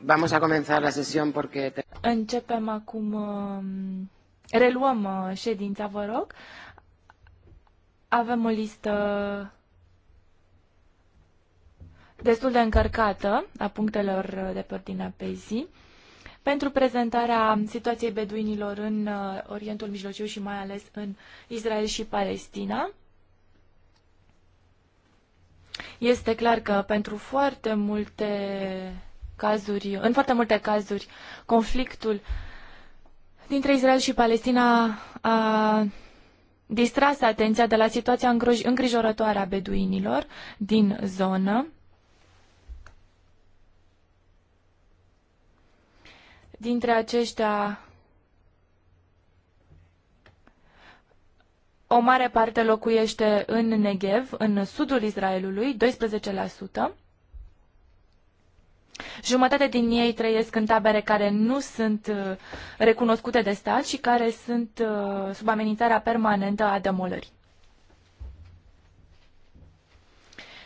Vamos a comenzar la sesión porque... Începem acum, um, reluăm uh, ședința, vă rog. Avem o listă destul de încărcată a punctelor de pe ordinea pe zi. Pentru prezentarea situației beduinilor în uh, Orientul Mijlociu și mai ales în Israel și Palestina, este clar că pentru foarte multe cazuri, în foarte multe cazuri, conflictul dintre Israel și Palestina a distras atenția de la situația îngrijorătoare a beduinilor din zonă. Dintre aceștia, o mare parte locuiește în Negev, în sudul Israelului, 12%. Jumătate din ei trăiesc în tabere care nu sunt uh, recunoscute de stat și care sunt uh, sub amenințarea permanentă a demolării.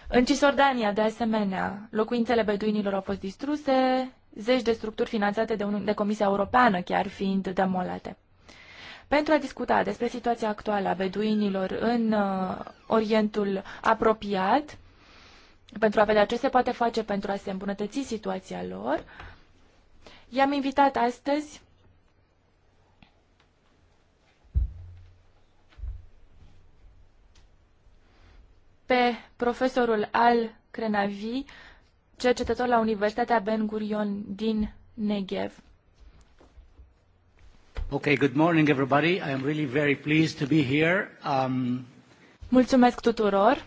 În Cisordania, de asemenea, locuințele beduinilor au fost distruse, zeci de structuri finanțate de, un, de Comisia Europeană chiar fiind demolate. Pentru a discuta despre situația actuală a beduinilor în uh, Orientul apropiat, pentru a vedea ce se poate face pentru a se îmbunătăți situația lor. I-am invitat astăzi pe profesorul Al Crenavi, cercetător la Universitatea Ben Gurion din Negev. Okay, good morning everybody. I am really very pleased to be here. Um... Mulțumesc tuturor.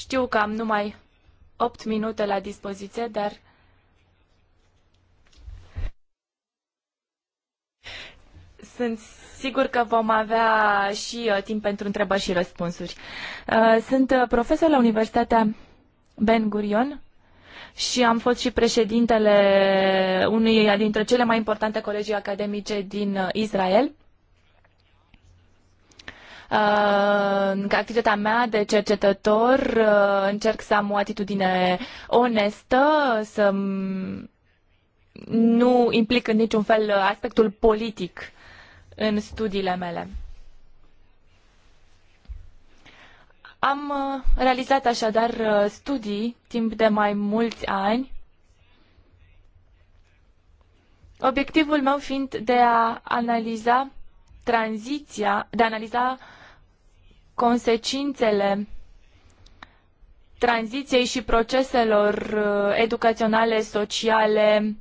Știu că am numai 8 minute la dispoziție, dar sunt sigur că vom avea și uh, timp pentru întrebări și răspunsuri. Uh, sunt uh, profesor la Universitatea Ben Gurion și am fost și președintele unuia dintre cele mai importante colegii academice din Israel. În activitatea mea de cercetător uh, încerc să am o atitudine onestă, să nu implic în niciun fel aspectul politic în studiile mele. Am uh, realizat așadar uh, studii timp de mai mulți ani, obiectivul meu fiind de a analiza tranziția, de a analiza consecințele tranziției și proceselor uh, educaționale, sociale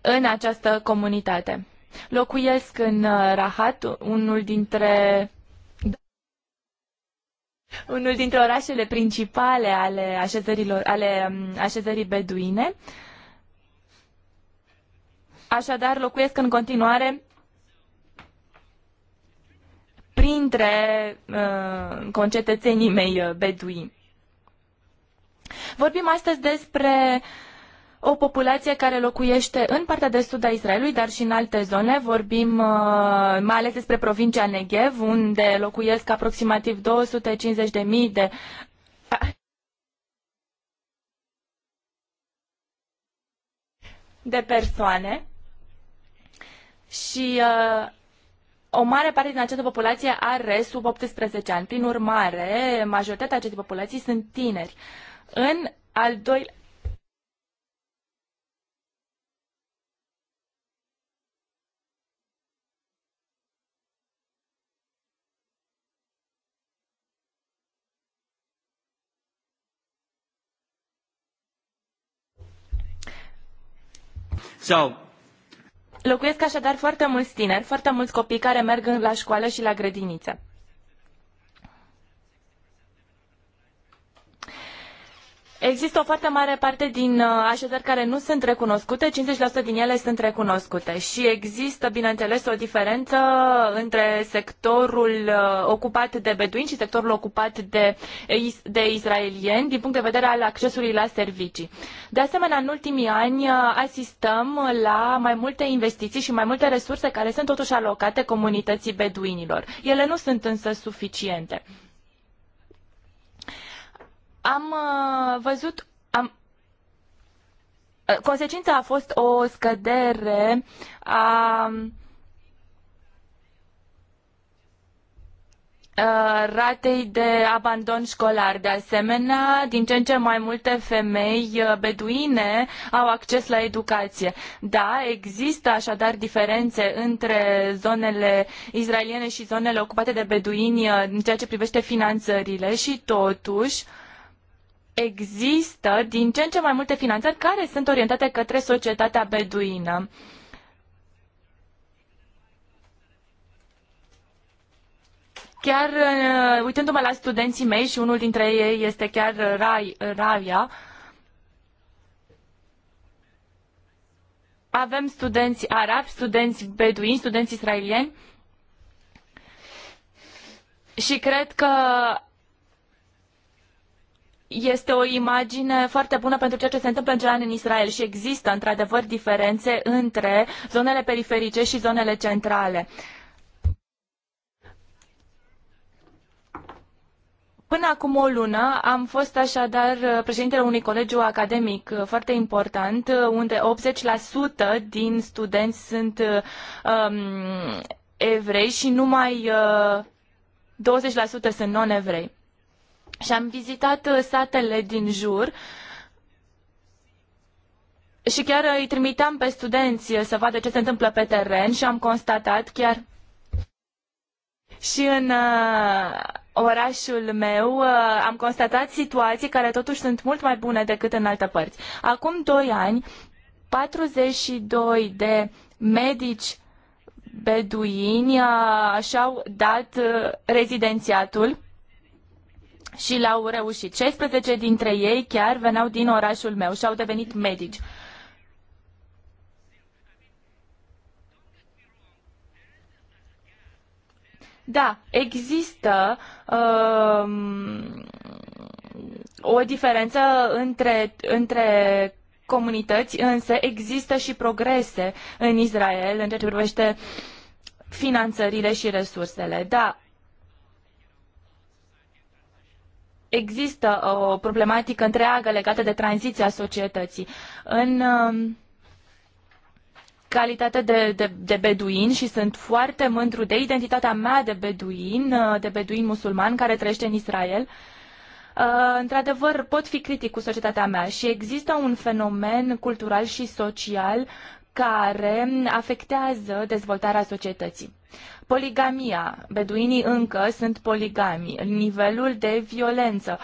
în această comunitate. Locuiesc în uh, Rahat, unul dintre unul dintre orașele principale ale, așezărilor, ale um, așezării beduine. Așadar, locuiesc în continuare printre uh, concetățenii mei uh, bedui. Vorbim astăzi despre o populație care locuiește în partea de sud a Israelului, dar și în alte zone. Vorbim uh, mai ales despre provincia Negev, unde locuiesc aproximativ 250.000 de de persoane și uh, o mare parte din această populație are sub 18 ani. Prin urmare, majoritatea acestei populații sunt tineri. În al doilea So, Locuiesc așadar foarte mulți tineri, foarte mulți copii care merg la școală și la grădiniță. Există o foarte mare parte din uh, așezări care nu sunt recunoscute, 50% din ele sunt recunoscute și există, bineînțeles, o diferență între sectorul uh, ocupat de beduini și sectorul ocupat de, de israelieni din punct de vedere al accesului la servicii. De asemenea, în ultimii ani uh, asistăm la mai multe investiții și mai multe resurse care sunt totuși alocate comunității beduinilor. Ele nu sunt însă suficiente am uh, văzut am, uh, Consecința a fost o scădere a uh, ratei de abandon școlar. De asemenea, din ce în ce mai multe femei beduine au acces la educație. Da, există așadar diferențe între zonele israeliene și zonele ocupate de beduini în ceea ce privește finanțările și totuși uh, există din ce în ce mai multe finanțări care sunt orientate către societatea beduină. Chiar uh, uitându-mă la studenții mei și unul dintre ei este chiar Rai, Raia, avem studenți arabi, studenți beduini, studenți israelieni și cred că este o imagine foarte bună pentru ceea ce se întâmplă în general în Israel și există într-adevăr diferențe între zonele periferice și zonele centrale. Până acum o lună am fost așadar președintele unui colegiu academic foarte important, unde 80% din studenți sunt um, evrei și numai uh, 20% sunt non-evrei. Și am vizitat uh, satele din jur și chiar uh, îi trimiteam pe studenți uh, să vadă ce se întâmplă pe teren și am constatat chiar și în orașul meu am constatat situații care totuși sunt mult mai bune decât în alte părți. Acum doi ani, 42 de medici beduini și-au dat rezidențiatul și l-au reușit. 16 dintre ei chiar veneau din orașul meu și au devenit medici. Da, există um, o diferență între, între comunități, însă există și progrese în Israel în ceea ce privește finanțările și resursele. Da, există uh, o problematică întreagă legată de tranziția societății. În um, calitate de, de, de beduin și sunt foarte mândru de identitatea mea de beduin, uh, de beduin musulman care trăiește în Israel. Uh, într-adevăr, pot fi critic cu societatea mea și există un fenomen cultural și social care afectează dezvoltarea societății. Poligamia. Beduinii încă sunt poligami. Nivelul de violență.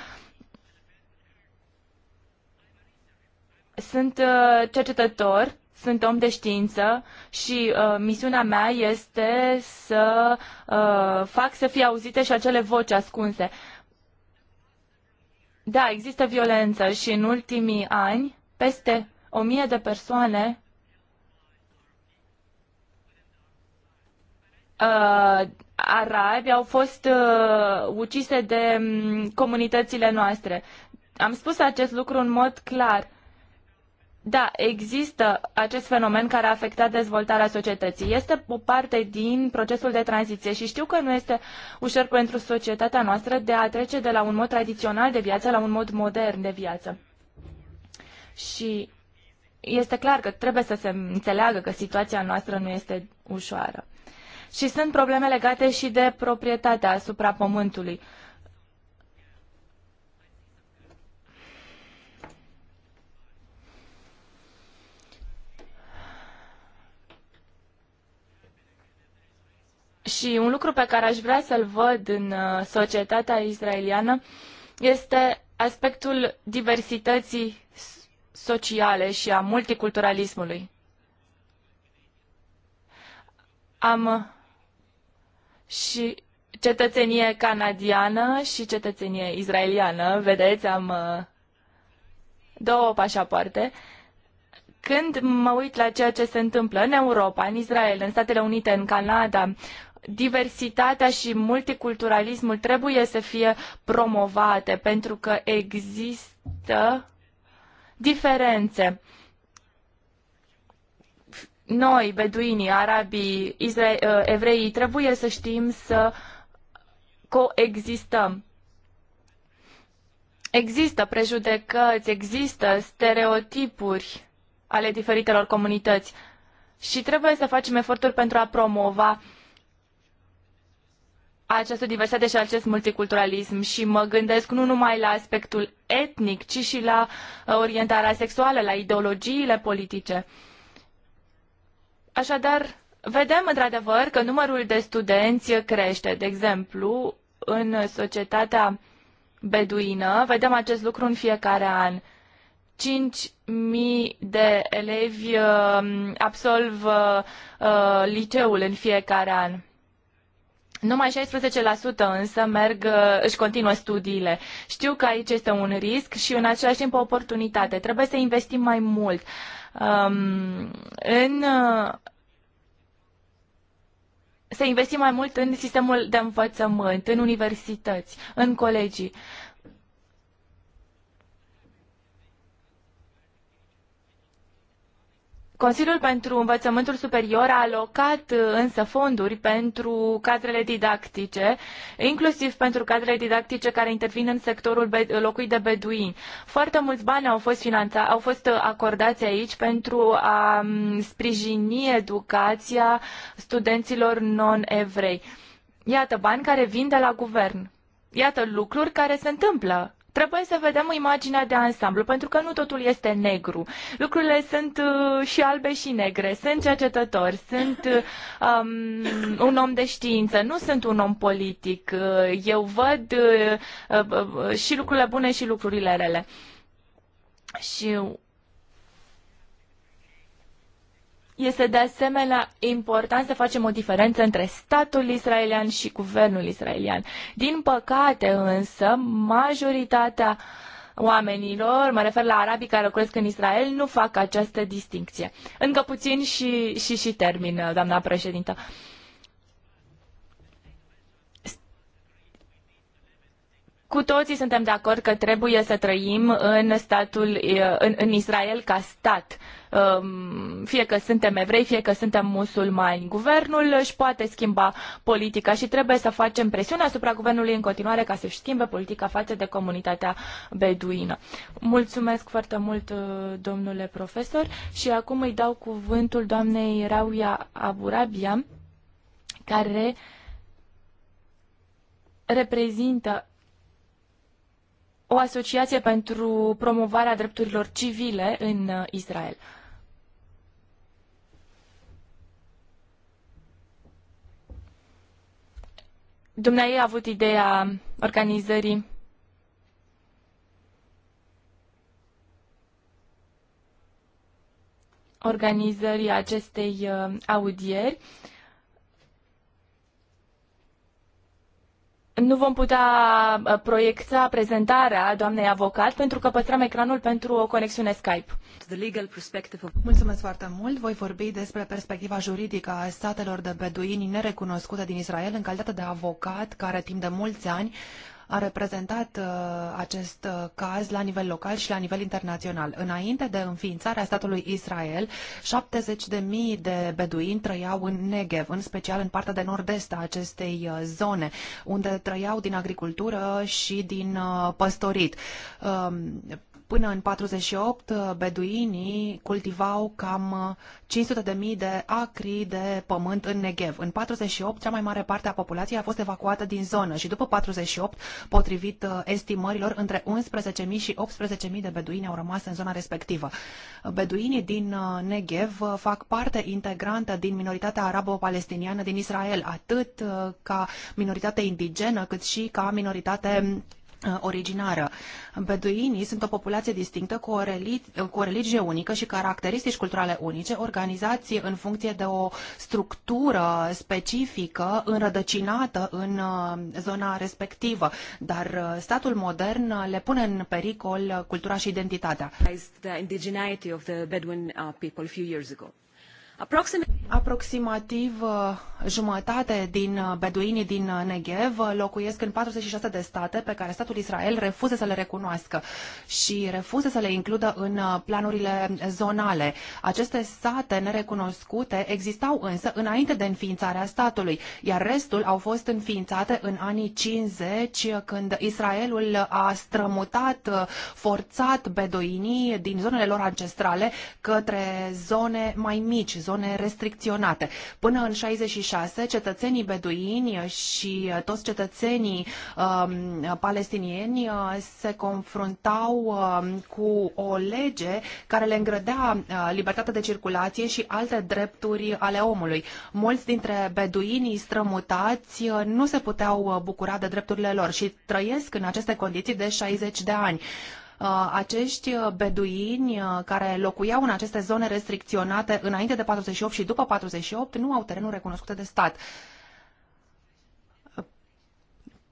Sunt uh, cercetător, sunt om de știință și uh, misiunea mea este să uh, fac să fie auzite și acele voci ascunse. Da, există violență și în ultimii ani peste o mie de persoane uh, arabi au fost uh, ucise de um, comunitățile noastre. Am spus acest lucru în mod clar. Da, există acest fenomen care a afectat dezvoltarea societății. Este o parte din procesul de tranziție și știu că nu este ușor pentru societatea noastră de a trece de la un mod tradițional de viață la un mod modern de viață. Și este clar că trebuie să se înțeleagă că situația noastră nu este ușoară. Și sunt probleme legate și de proprietatea asupra pământului. Și un lucru pe care aș vrea să-l văd în uh, societatea israeliană este aspectul diversității sociale și a multiculturalismului. Am și cetățenie canadiană și cetățenie israeliană. Vedeți, am uh, două pașapoarte. Când mă uit la ceea ce se întâmplă în Europa, în Israel, în Statele Unite, în Canada, diversitatea și multiculturalismul trebuie să fie promovate pentru că există diferențe noi, beduinii, arabii, uh, evreii, trebuie să știm să coexistăm. Există prejudecăți, există stereotipuri ale diferitelor comunități și trebuie să facem eforturi pentru a promova această diversitate și acest multiculturalism și mă gândesc nu numai la aspectul etnic, ci și la uh, orientarea sexuală, la ideologiile politice. Uh, Așadar, vedem într-adevăr că numărul de studenți crește. De exemplu, în societatea beduină, vedem acest lucru în fiecare an. 5.000 de elevi uh, absolvă uh, liceul în fiecare an. Numai 16% însă merg, uh, își continuă studiile. Știu că aici este un risc și în același timp o oportunitate. Trebuie să investim mai mult. Uh, Um, în uh, să investim mai mult în sistemul de învățământ, în universități, în colegii. Consiliul pentru Învățământul Superior a alocat uh, însă fonduri pentru cadrele didactice, inclusiv pentru cadrele didactice care intervin în sectorul locuit de beduini. Foarte mulți bani au fost, finanța, au fost uh, acordați aici pentru a mm, sprijini educația studenților non-evrei. Iată bani care vin de la guvern. Iată lucruri care se întâmplă Trebuie să vedem imaginea de ansamblu, pentru că nu totul este negru. Lucrurile sunt uh, și albe și negre. Sunt cercetător, sunt uh, um, un om de știință, nu sunt un om politic. Uh, eu văd uh, uh, și lucrurile bune și lucrurile rele. Și Este de asemenea important să facem o diferență între statul israelian și guvernul israelian. Din păcate însă, majoritatea oamenilor, mă refer la arabii care locuiesc în Israel, nu fac această distincție. Încă puțin și, și, și termin, doamna președintă. Cu toții suntem de acord că trebuie să trăim în statul, în, în Israel ca stat. Uh, Um, fie că suntem evrei, fie că suntem musulmani. Guvernul își poate schimba politica și trebuie să facem presiune asupra guvernului în continuare ca să-și schimbe politica față de comunitatea beduină. Mulțumesc foarte mult, uh, domnule profesor, și acum îi dau cuvântul doamnei Rauia Aburabia, care reprezintă o asociație pentru promovarea drepturilor civile în uh, Israel. Dumnezeu a avut ideea organizării organizării acestei uh, audieri. Uh, nu vom putea uh, proiecta prezentarea doamnei avocat pentru că păstrăm ecranul pentru o conexiune Skype. Mulțumesc foarte mult. Voi vorbi despre perspectiva juridică a statelor de beduini nerecunoscute din Israel în calitate de avocat care timp de mulți ani a reprezentat uh, acest uh, caz la nivel local și la nivel internațional. Înainte de înființarea statului Israel, 70.000 de beduini trăiau în Negev, în special în partea de nord-est a acestei uh, zone, unde trăiau din agricultură și din păstorit. Um, Până în 48, beduinii cultivau cam 500.000 uh, de acri de pământ în Negev. În 48, cea mai mare parte a populației a fost evacuată din zonă și după 48, potrivit uh, estimărilor, între 11.000 și 18.000 de beduini au rămas în zona respectivă. Beduinii din uh, Negev fac parte integrantă din minoritatea arabo-palestiniană din Israel, atât ca minoritate indigenă, cât și ca minoritate Uh, originară. Beduinii sunt o populație distinctă cu o, religi- cu o religie unică și caracteristici culturale unice, organizați în funcție de o structură specifică înrădăcinată în uh, zona respectivă, dar uh, statul modern le pune în pericol cultura și identitatea. Aproximativ uh, jumătate din uh, beduinii din uh, Negev locuiesc în 46 de state pe care statul Israel refuză să le recunoască și refuză să le includă în planurile zonale. Aceste sate nerecunoscute existau însă înainte de înființarea statului, iar restul au fost înființate în anii 50 când Israelul a strămutat forțat beduinii din zonele lor ancestrale către zone mai mici, zone restricționate. Până în 66, cetățenii beduini și toți cetățenii um, palestinieni uh, se confruntau um, cu o lege care le îngrădea uh, libertatea de circulație și alte drepturi ale omului. Mulți dintre beduinii strămutați uh, nu se puteau uh, bucura de drepturile lor și trăiesc în aceste condiții de 60 de ani. Uh, acești uh, beduini uh, care locuiau în aceste zone restricționate înainte de 48 și după 48 nu au terenuri recunoscute de stat.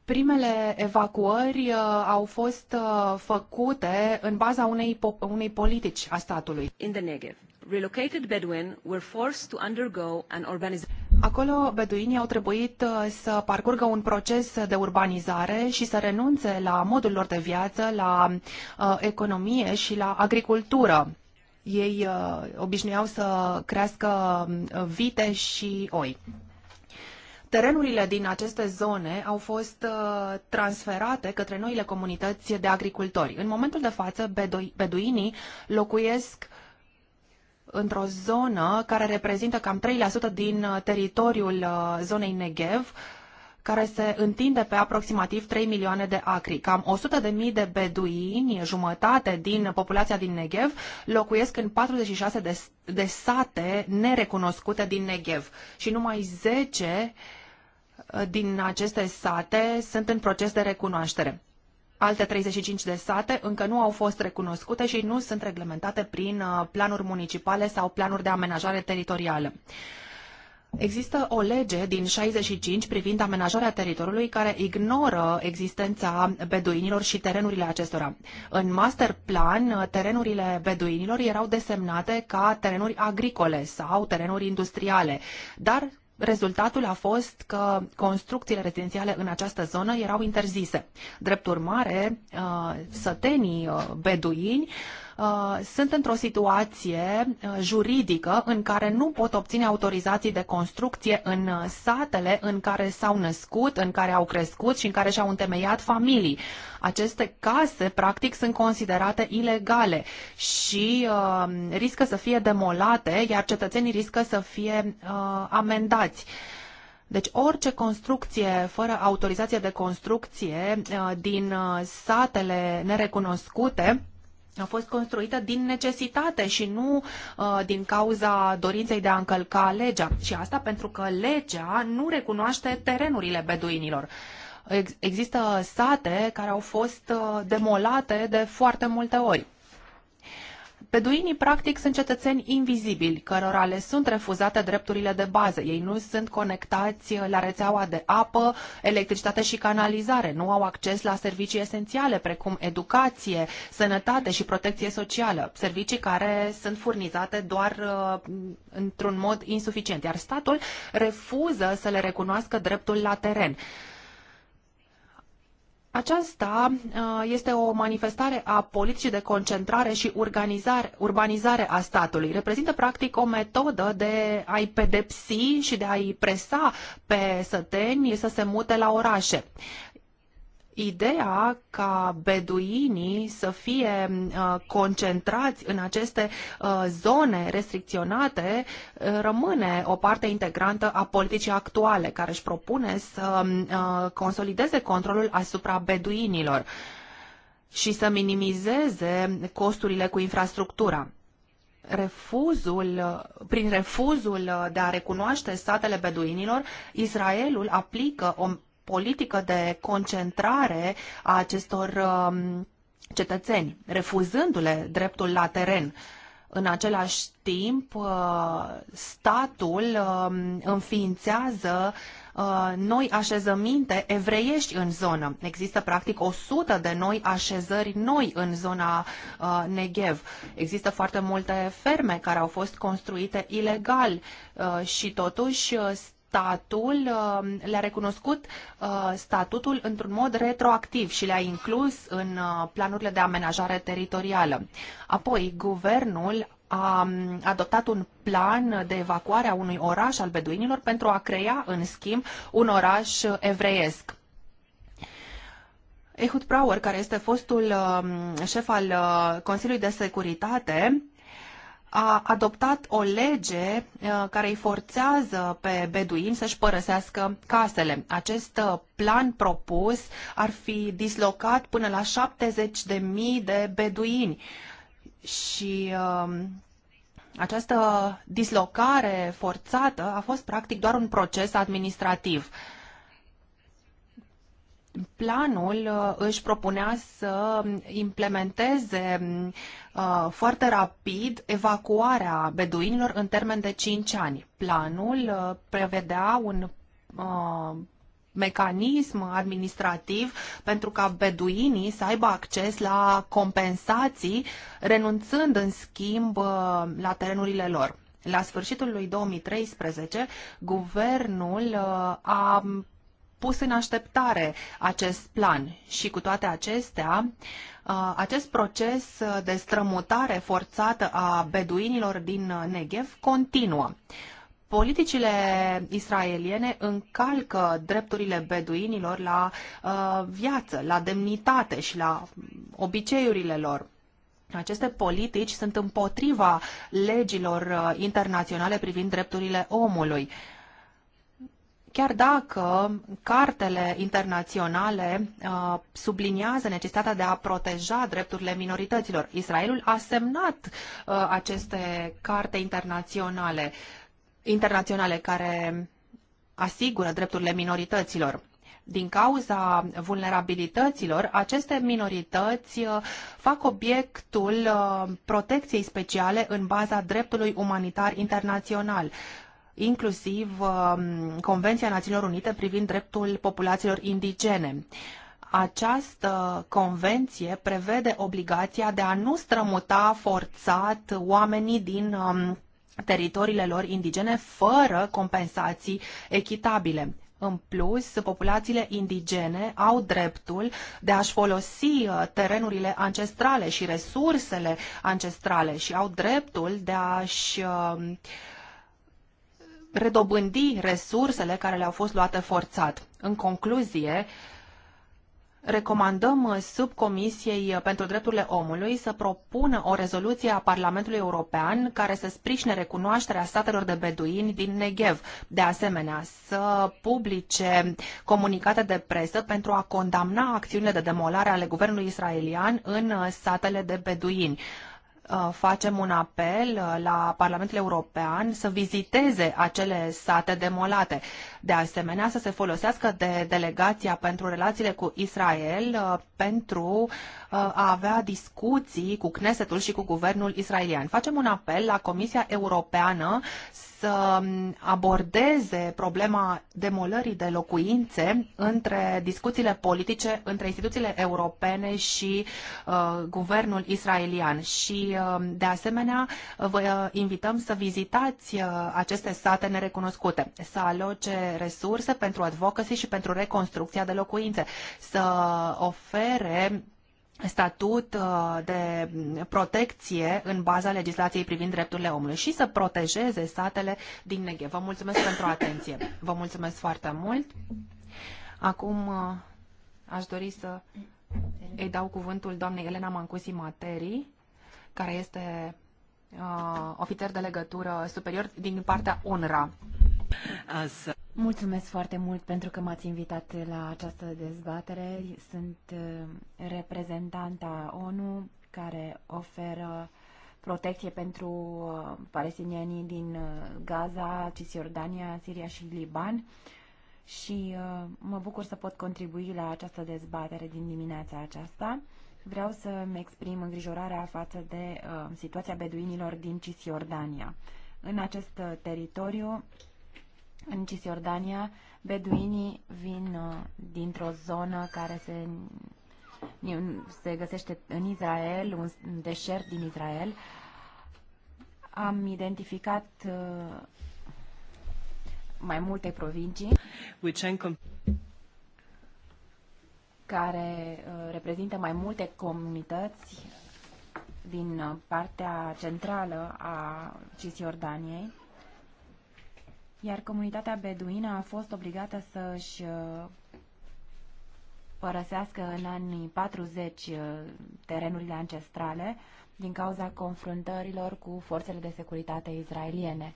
Primele evacuări au fost făcute în baza unei, unei politici a statului. In the Negev, relocated Bedouin were forced to undergo an organization. Acolo beduinii au trebuit uh, să parcurgă un proces de urbanizare și să renunțe la modul lor de viață, la uh, economie și la agricultură. Ei uh, obișnuiau să crească vite și oi. Terenurile din aceste zone au fost transferate către noile comunități de agricultori. În momentul de față, beduinii locuiesc într-o zonă care reprezintă cam 3% din uh, teritoriul uh, zonei Negev, care se întinde pe aproximativ 3 milioane de acri. Cam 100.000 de beduini, jumătate din populația din Negev, locuiesc în 46 de, de sate nerecunoscute din Negev și numai 10 uh, din aceste sate sunt în proces de recunoaștere. Alte 35 de sate încă nu au fost recunoscute și nu sunt reglementate prin uh, planuri municipale sau planuri de amenajare teritorială. Există o lege din 65 privind amenajarea teritoriului care ignoră existența beduinilor și terenurile acestora. În master plan, uh, terenurile beduinilor erau desemnate ca terenuri agricole sau terenuri industriale, dar Rezultatul a fost că construcțiile rezidențiale în această zonă erau interzise. Drept urmare, uh, sătenii uh, beduini Uh, sunt într-o situație uh, juridică în care nu pot obține autorizații de construcție în uh, satele în care s-au născut, în care au crescut și în care și-au întemeiat familii. Aceste case, practic, sunt considerate ilegale și uh, riscă să fie demolate, iar cetățenii riscă să fie uh, amendați. Deci orice construcție fără autorizație de construcție din satele nerecunoscute a fost construită din necesitate și nu uh, din cauza dorinței de a încălca legea. Și asta pentru că legea nu recunoaște terenurile beduinilor. Ex există sate care au fost uh, demolate de foarte multe ori. Beduinii, practic, sunt cetățeni invizibili, cărora le sunt refuzate drepturile de bază. Ei nu sunt conectați la rețeaua de apă, electricitate și canalizare, nu au acces la servicii esențiale, precum educație, sănătate și protecție socială, servicii care sunt furnizate doar uh, într-un mod insuficient, iar statul refuză să le recunoască dreptul la teren. Aceasta uh, este o manifestare a politicii de concentrare și urbanizare a statului. Reprezintă practic o metodă de a-i pedepsi și de a-i presa pe săteni să se mute la orașe. Ideea ca beduinii să fie uh, concentrați în aceste uh, zone restricționate uh, rămâne o parte integrantă a politicii actuale, care își propune să consolideze controlul asupra beduinilor și să minimizeze costurile cu infrastructura refuzul, prin refuzul de a recunoaște statele beduinilor, Israelul aplică o politică de concentrare a acestor um, cetățeni, refuzându-le dreptul la teren. În același timp, uh, statul um, înființează uh, noi așezăminte evreiești în zonă. Există practic 100 de noi așezări noi în zona uh, Negev. Există foarte multe ferme care au fost construite ilegal și totuși statul uh, le-a recunoscut uh, statutul într-un mod retroactiv și le-a inclus în uh, planurile de amenajare teritorială. Apoi, guvernul a um, adoptat un plan de evacuare a unui oraș al beduinilor pentru a crea, în schimb, un oraș evreiesc. Ehud Brauer, care este fostul um, șef al Consiliului de Securitate, a adoptat o lege uh, care îi forțează pe beduini să-și părăsească casele. Acest uh, plan propus ar fi dislocat până la 70.000 de beduini și um, această dislocare forțată a fost practic doar un proces administrativ. Planul uh, își propunea să um, implementeze um, Uh, foarte rapid evacuarea beduinilor în termen de 5 ani. Planul uh, prevedea un uh, mecanism administrativ pentru ca beduinii să aibă acces la compensații, renunțând în schimb la terenurile lor. La sfârșitul lui 2013, guvernul a pus în așteptare acest plan și cu toate acestea, Uh, acest proces de strămutare forțată a beduinilor din uh, Negev continuă. Politicile israeliene încalcă drepturile beduinilor la uh, viață, la demnitate și la mm, obiceiurile lor. Aceste politici sunt împotriva legilor internaționale privind drepturile omului. Chiar dacă cartele internaționale uh, subliniază necesitatea de a proteja drepturile minorităților, Israelul a semnat uh, aceste carte internaționale, internaționale care asigură drepturile minorităților. Din cauza vulnerabilităților, aceste minorități uh, fac obiectul protecției speciale în baza dreptului umanitar internațional inclusiv um, Convenția Națiunilor Unite privind dreptul populațiilor indigene. Această convenție prevede obligația de a nu strămuta forțat oamenii din um, teritoriile lor indigene fără compensații echitabile. În plus, populațiile indigene au dreptul de a-și folosi uh, terenurile ancestrale și resursele ancestrale și au dreptul de a-și um, redobândi resursele care le-au fost luate forțat. În concluzie, recomandăm subcomisiei pentru drepturile omului să propună o rezoluție a Parlamentului European care să sprijine recunoașterea statelor de beduini din Negev. De asemenea, să publice comunicate de presă pentru a condamna acțiunile de demolare ale guvernului israelian în satele de beduini. Uh, facem un apel uh, la Parlamentul European să viziteze acele sate demolate. De asemenea, să se folosească de delegația pentru relațiile cu Israel uh, pentru a avea discuții cu Knesetul și cu guvernul israelian. Facem un apel la Comisia Europeană să abordeze problema demolării de locuințe între discuțiile politice între instituțiile europene și uh, guvernul israelian. Și, uh, de asemenea, vă uh, invităm să vizitați uh, aceste sate nerecunoscute, să aloce resurse pentru advocacy și pentru reconstrucția de locuințe, să ofere statut uh, de protecție în baza legislației privind drepturile omului și să protejeze statele din neghe. Vă mulțumesc pentru atenție. Vă mulțumesc foarte mult. Acum uh, aș dori să îi dau cuvântul doamnei Elena Mancusi materii, care este uh, ofițer de legătură superior din partea ONRA. Asa. Mulțumesc foarte mult pentru că m-ați invitat la această dezbatere. Sunt uh, reprezentanta ONU care oferă protecție pentru uh, palestinienii din uh, Gaza, Cisjordania, Siria și Liban și mă bucur să pot contribui la această dezbatere din dimineața aceasta. Vreau să-mi exprim îngrijorarea față de situația beduinilor din Cisjordania. În acest teritoriu în Cisjordania, beduinii vin uh, dintr-o zonă care se, se găsește în Israel, un deșert din Israel. Am identificat uh, mai multe provincii care uh, reprezintă mai multe comunități din partea centrală a Cisjordaniei iar comunitatea beduină a fost obligată să-și uh, părăsească în anii 40 uh, terenurile ancestrale din cauza confruntărilor cu forțele de securitate izraeliene.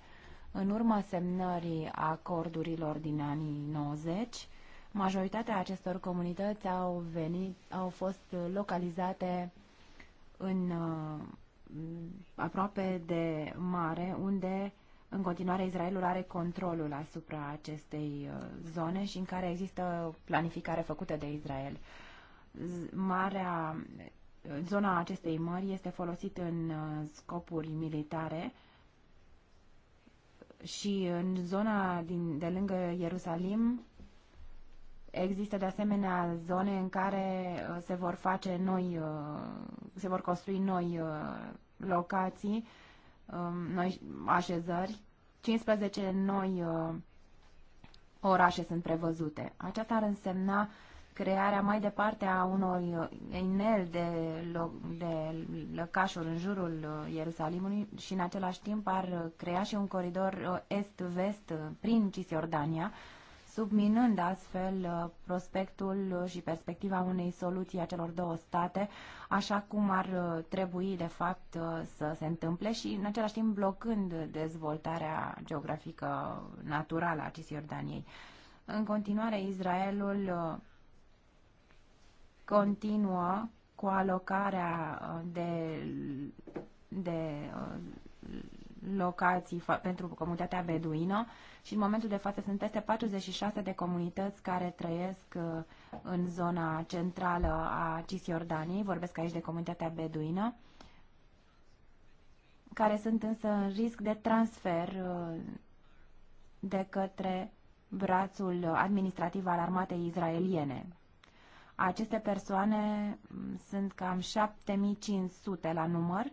În urma semnării acordurilor din anii 90, majoritatea acestor comunități au, venit, au fost localizate în uh, aproape de mare, unde în continuare Israelul are controlul asupra acestei uh, zone și în care există planificare făcută de Israel. Marea, uh, zona acestei mări este folosită în uh, scopuri militare și în zona din, de lângă Ierusalim Există de asemenea zone în care se vor face noi, se vor construi noi locații Um, noi așezări, 15 noi uh, orașe sunt prevăzute. Aceasta ar însemna crearea mai departe a unor uh, inel de, lo- de lăcașuri în jurul uh, Ierusalimului și în același timp ar crea și un coridor est-vest prin Cisjordania, subminând astfel uh, prospectul și perspectiva unei soluții a celor două state, așa cum ar uh, trebui de fapt uh, să se întâmple și în același timp blocând dezvoltarea geografică naturală a Cisjordaniei. În continuare, Israelul continuă cu alocarea de, de locații pentru comunitatea beduină și în momentul de față sunt peste 46 de comunități care trăiesc uh, în zona centrală a Cisjordaniei, vorbesc aici de comunitatea beduină, care sunt însă în risc de transfer uh, de către brațul administrativ al armatei izraeliene. Aceste persoane mm, sunt cam 7500 la număr,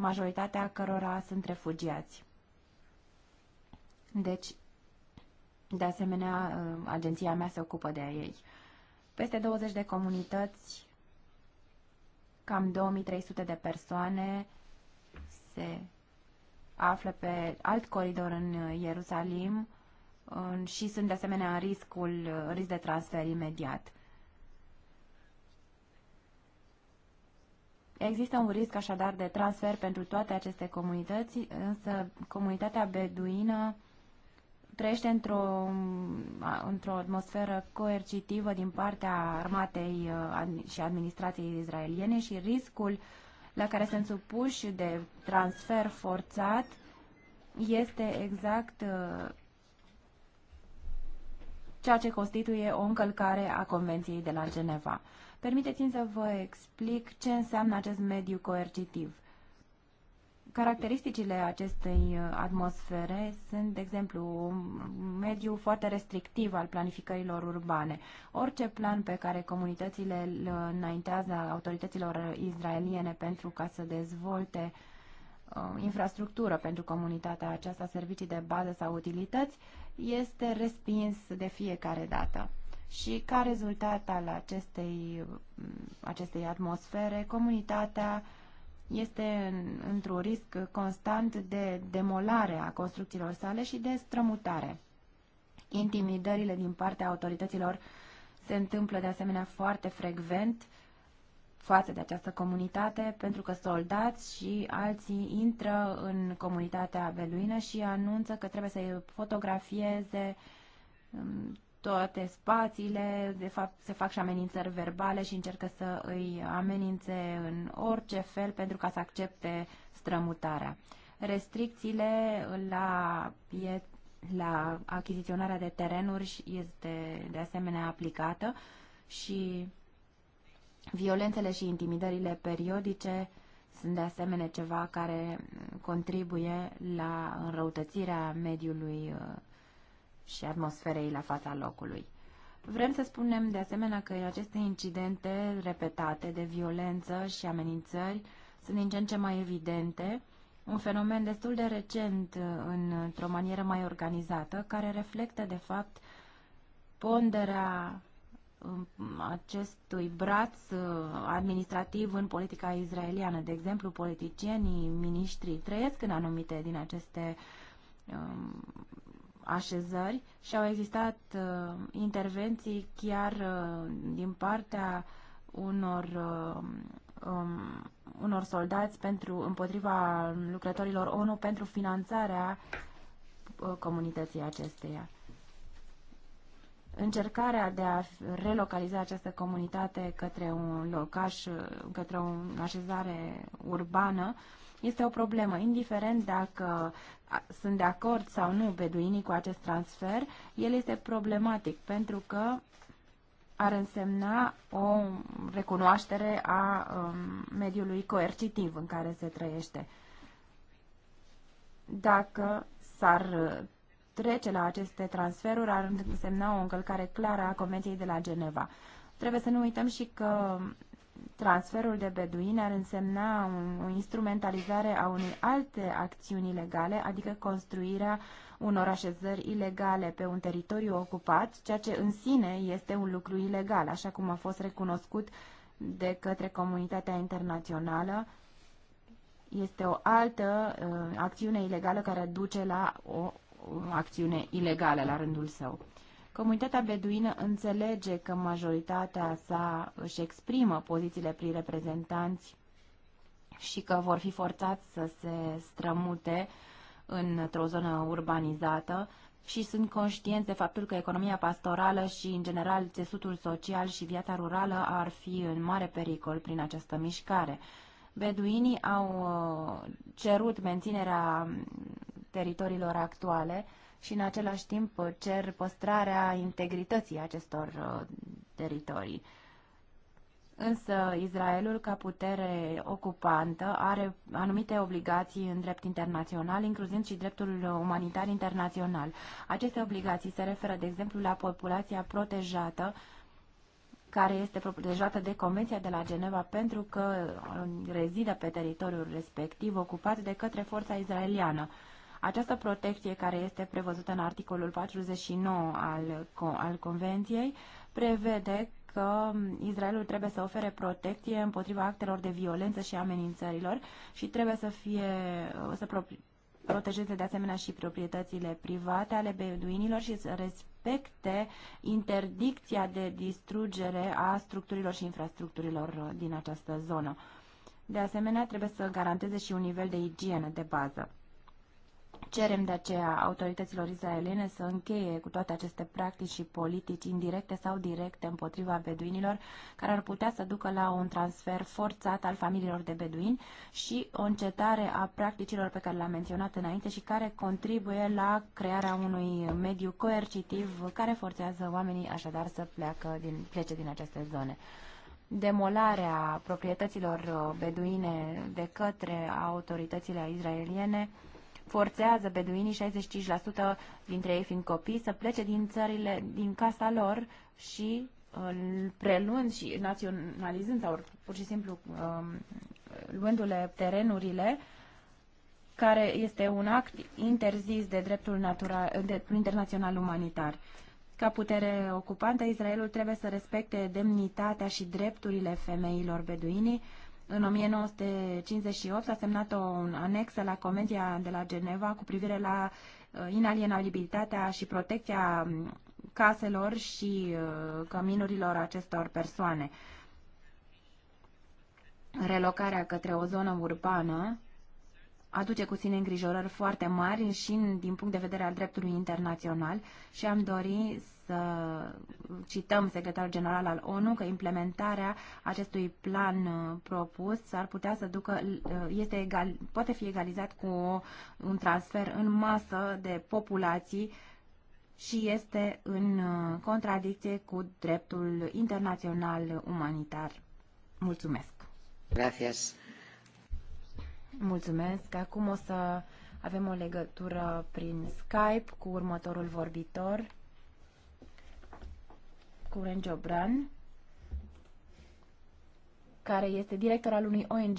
majoritatea cărora sunt refugiați. Deci, de asemenea, uh, agenția mea se ocupă de ei. Peste 20 de comunități, cam 2300 de persoane se află pe alt coridor în uh, Ierusalim uh, și sunt de asemenea în riscul, risc de transfer imediat. Există un risc așadar de transfer pentru toate aceste comunități, însă comunitatea beduină trăiește într-o într atmosferă coercitivă din partea armatei uh, și administrației izraeliene și riscul la care sunt supuși de transfer forțat este exact uh, ceea ce constituie o încălcare a Convenției de la Geneva. Permiteți-mi să vă explic ce înseamnă acest mediu coercitiv. Caracteristicile acestei uh, atmosfere sunt, de exemplu, un mediu foarte restrictiv al planificărilor urbane. Orice plan pe care comunitățile îl înaintează autorităților izraeliene pentru ca să dezvolte uh, infrastructură pentru comunitatea aceasta, servicii de bază sau utilități, este respins de fiecare dată și ca rezultat al acestei, acestei atmosfere, comunitatea este într-un risc constant de demolare a construcțiilor sale și de strămutare. Intimidările din partea autorităților se întâmplă de asemenea foarte frecvent față de această comunitate, pentru că soldați și alții intră în comunitatea beluină și anunță că trebuie să fotografieze um, toate spațiile, de fapt se fac și amenințări verbale și încercă să îi amenințe în orice fel pentru ca să accepte strămutarea. Restricțiile la, la achiziționarea de terenuri este de asemenea aplicată și violențele și intimidările periodice sunt de asemenea ceva care contribuie la înrăutățirea mediului uh, și atmosferei la fața locului. Vrem să spunem de asemenea că aceste incidente repetate de violență și amenințări sunt din ce în ce mai evidente, un fenomen destul de recent uh, într-o manieră mai organizată, care reflectă de fapt ponderea um, acestui braț uh, administrativ în politica izraeliană. De exemplu, politicienii, miniștrii trăiesc în anumite din aceste um, așezări și au existat uh, intervenții chiar uh, din partea unor, uh, um, unor soldați pentru, împotriva lucrătorilor ONU pentru finanțarea uh, comunității acesteia. Încercarea de a relocaliza această comunitate către un locaș, uh, către o așezare urbană uh, este o problemă, indiferent dacă sunt de acord sau nu beduinii cu acest transfer, el este problematic pentru că ar însemna o recunoaștere a um, mediului coercitiv în care se trăiește. Dacă s-ar uh, trece la aceste transferuri, ar însemna o încălcare clară a Convenției de la Geneva. Trebuie să nu uităm și că Transferul de beduini ar însemna o instrumentalizare a unei alte acțiuni ilegale, adică construirea unor așezări ilegale pe un teritoriu ocupat, ceea ce în sine este un lucru ilegal, așa cum a fost recunoscut de către comunitatea internațională. Este o altă uh, acțiune ilegală care duce la o, o acțiune ilegală la rândul său. Comunitatea beduină înțelege că majoritatea sa își exprimă pozițiile prin reprezentanți și că vor fi forțați să se strămute într-o zonă urbanizată și sunt conștienți de faptul că economia pastorală și, în general, țesutul social și viața rurală ar fi în mare pericol prin această mișcare. Beduinii au uh, cerut menținerea teritoriilor actuale și în același timp uh, cer păstrarea integrității acestor uh, teritorii. Însă Israelul, ca putere ocupantă, are anumite obligații în drept internațional, incluzând și dreptul umanitar internațional. Aceste obligații se referă, de exemplu, la populația protejată, care este protejată de Convenția de la Geneva pentru că rezidă pe teritoriul respectiv ocupat de către forța israeliană. Această protecție care este prevăzută în articolul 49 al, al Convenției prevede că Israelul trebuie să ofere protecție împotriva actelor de violență și amenințărilor și trebuie să fie să pro, protejeze de asemenea și proprietățile private ale beduinilor și să respecte interdicția de distrugere a structurilor și infrastructurilor din această zonă. De asemenea, trebuie să garanteze și un nivel de igienă de bază. Cerem de aceea autorităților israeliene să încheie cu toate aceste practici și politici indirecte sau directe împotriva beduinilor, care ar putea să ducă la un transfer forțat al familiilor de beduini și o încetare a practicilor pe care le-am menționat înainte și care contribuie la crearea unui mediu coercitiv care forțează oamenii așadar să pleacă din, plece din aceste zone demolarea proprietăților uh, beduine de către autoritățile israeliene forțează beduinii, 65% dintre ei fiind copii, să plece din țările, din casa lor și uh, preluând și naționalizând sau pur și simplu um, luându-le terenurile, care este un act interzis de dreptul, natural, de dreptul internațional umanitar. Ca putere ocupantă, Israelul trebuie să respecte demnitatea și drepturile femeilor beduinii, în 1958 s-a semnat o anexă la Convenția de la Geneva cu privire la uh, inalienabilitatea și protecția um, caselor și uh, căminurilor acestor persoane. Relocarea către o zonă urbană aduce cu sine îngrijorări foarte mari și din punct de vedere al dreptului internațional și am dori să cităm secretarul general al ONU că implementarea acestui plan uh, propus ar putea să ducă, uh, este egal, poate fi egalizat cu un transfer în masă de populații și este în uh, contradicție cu dreptul internațional umanitar. Mulțumesc! Gracias. Mulțumesc. Acum o să avem o legătură prin Skype cu următorul vorbitor, cu Renjo Bran, care este director al unui ONG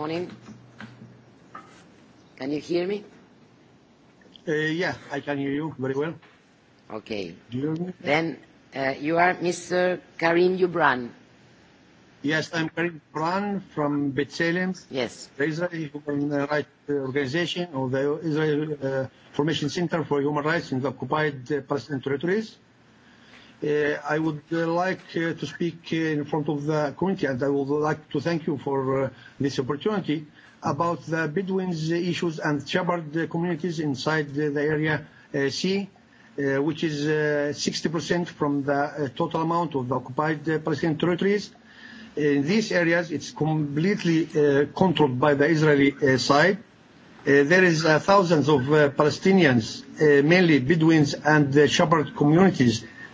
morning. Can you hear me? Uh, yeah, I can hear you very well. Okay. Do you hear me? Then uh, you are Mr. Karim Yubran. Yes, I'm Karim Yubran from B'Tselem. Yes. The Israeli Human Rights Organization or the Israel uh, Formation Center for Human Rights in the occupied uh, Palestinian territories. Uh, I would uh, like uh, to speak uh, in front of the committee, and I would like to thank you for uh, this opportunity about the Bedouins issues and shepherd communities inside the, the area uh, C, uh, which is uh, 60% from the uh, total amount of the occupied uh, Palestinian territories. In these areas, it's completely uh, controlled by the Israeli uh, side. Uh, there is uh, thousands of uh, Palestinians, uh, mainly Bedouins and uh, shepherd communities,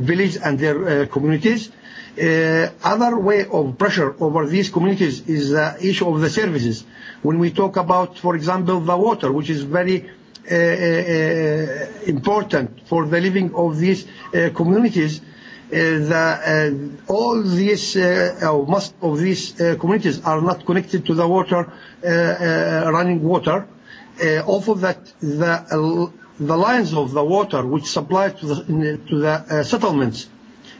village and their uh, communities. Uh, other way of pressure over these communities is the issue of the services. When we talk about, for example, the water, which is very uh, uh, uh, important for the living of these uh, communities, uh, the, uh, all these, uh, or most of these uh, communities are not connected to the water, uh, uh, running water. Uh, also that the uh, the lines of the water which supply to the, to the uh, settlements,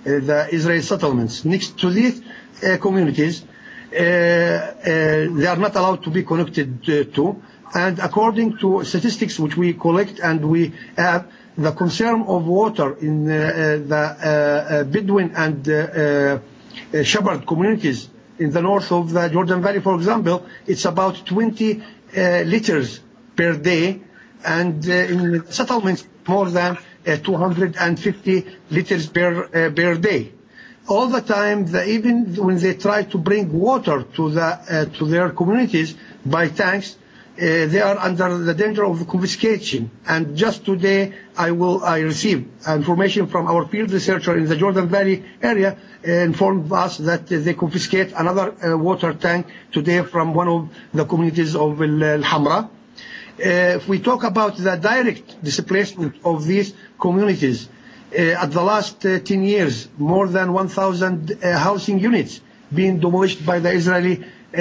uh, the Israeli settlements next to these uh, communities, uh, uh, they are not allowed to be connected uh, to. And according to statistics which we collect and we have, the concern of water in uh, uh, the uh, uh, Bedouin and uh, uh, Shepherd communities in the north of the Jordan Valley, for example, it's about 20 uh, liters per day and uh, in settlements more than uh, 250 liters per uh, per day. All the time, the, even when they try to bring water to the uh, to their communities by tanks, uh, they are under the danger of confiscation. And just today, I will I received information from our field researcher in the Jordan Valley area uh, informed us that uh, they confiscate another uh, water tank today from one of the communities of Al Hamra. Uh, if we talk about the direct displacement of these communities, uh, at the last uh, 10 years, more than 1,000 uh, housing units being demolished by the Israeli uh, uh,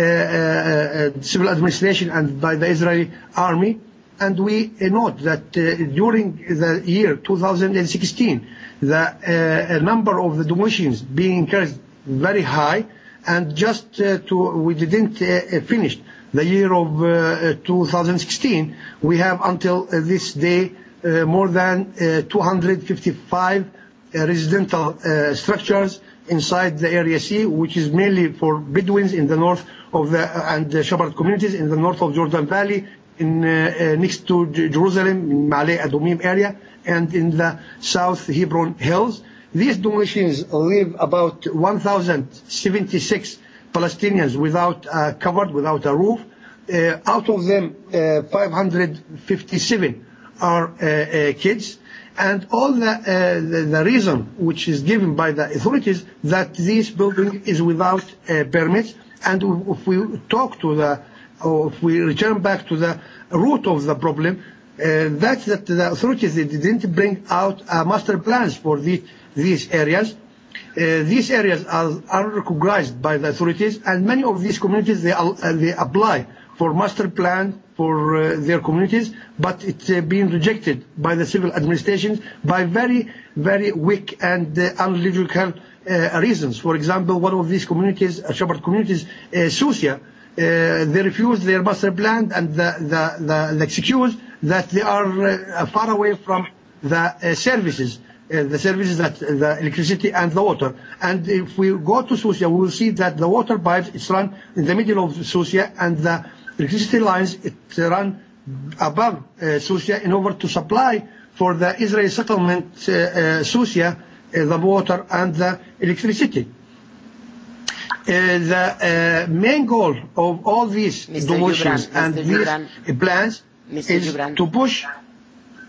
uh, civil administration and by the Israeli army. And we uh, note that uh, during the year 2016, the uh, number of the demolitions being carried very high, and just uh, to we didn't uh, uh finish the year of uh, 2016, we have until uh, this day uh, more than uh, 255 uh, residential uh, structures inside the area C, which is mainly for Bedouins in the north of the uh, and the Shepherd communities in the north of Jordan Valley, in uh, uh, next to J- Jerusalem, in Malay Adumim area, and in the south Hebron Hills. These Domitians live about 1,076 Palestinians without uh, covered, without a roof. Uh, out of them, uh, 557 are uh, uh, kids. And all the, uh, the, the reason which is given by the authorities that this building is without uh, permits. And if we talk to the, or if we return back to the root of the problem, uh, that's that the authorities they didn't bring out uh, master plans for the, these areas Uh, these areas are, are recognized by the authorities and many of these communities they, uh, they apply for master plan for uh, their communities but it's uh, being rejected by the civil administrations by very very weak and uh, unlogical uh, reasons for example one of these communities uh, shepherd communities uh, Susia uh, they refuse their master plan and the, the, the, the excuse that they are uh, far away from the uh, services uh, Uh, the services that uh, the electricity and the water. And if we go to Susia, we will see that the water pipes it's run in the middle of Susia, and the electricity lines it run above uh, Susia in order to supply for the Israeli settlement uh, uh, Susia uh, the water and the electricity. Uh, the uh, main goal of all these Mr. demotions Gibran, and Mr. these Gibran. plans Mr. is Gibran. to push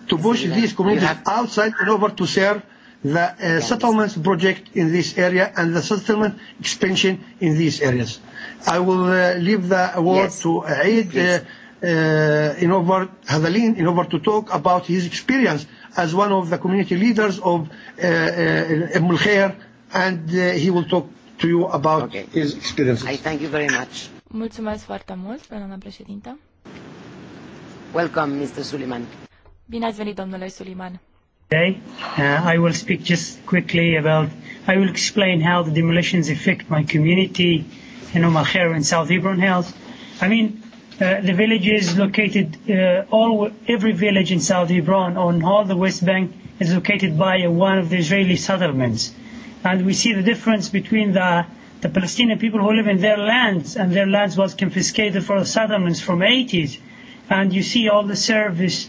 to push these communities outside in order to serve the uh, settlements project in this area and the settlement expansion in these areas. I will uh, leave the word yes. to Aid uh, uh, in over Hadalin in order to talk about his experience as one of the community leaders of uh, uh, Khair and uh, he will talk to you about okay. his experiences. I thank you very much. Mulțumesc foarte mult, doamna președintă. Welcome, Mr. Suleiman. Bine ați venit, domnule Suliman. Okay. uh, I will speak just quickly about, I will explain how the demolitions affect my community in Omaher Khair and South Hebron Health. I mean, uh, the villages located, uh, all every village in South Hebron on all the West Bank is located by one of the Israeli settlements, and we see the difference between the the Palestinian people who live in their lands and their lands was confiscated for the settlements from 80s, and you see all the service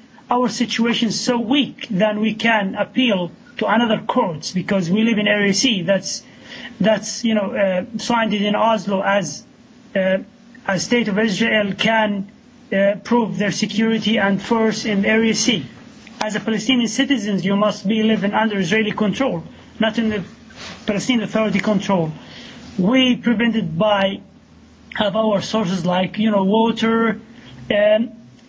our situation so weak then we can appeal to another courts because we live in area C that's that's you know uh, signed it in Oslo as uh, a state of Israel can uh, prove their security and force in area C as a Palestinian citizens you must be living under Israeli control not in the Palestinian Authority control we prevented by have our sources like you know water and um,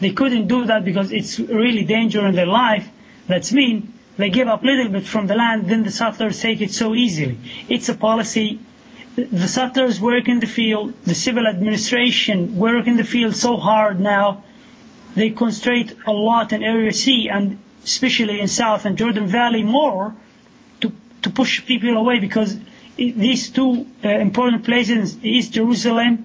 They couldn't do that because it's really danger in their life. That's mean they give up a little bit from the land, then the settlers take it so easily. It's a policy. The settlers work in the field, the civil administration work in the field so hard now. They concentrate a lot in Area C and especially in South and Jordan Valley more to, to push people away because these two uh, important places, East Jerusalem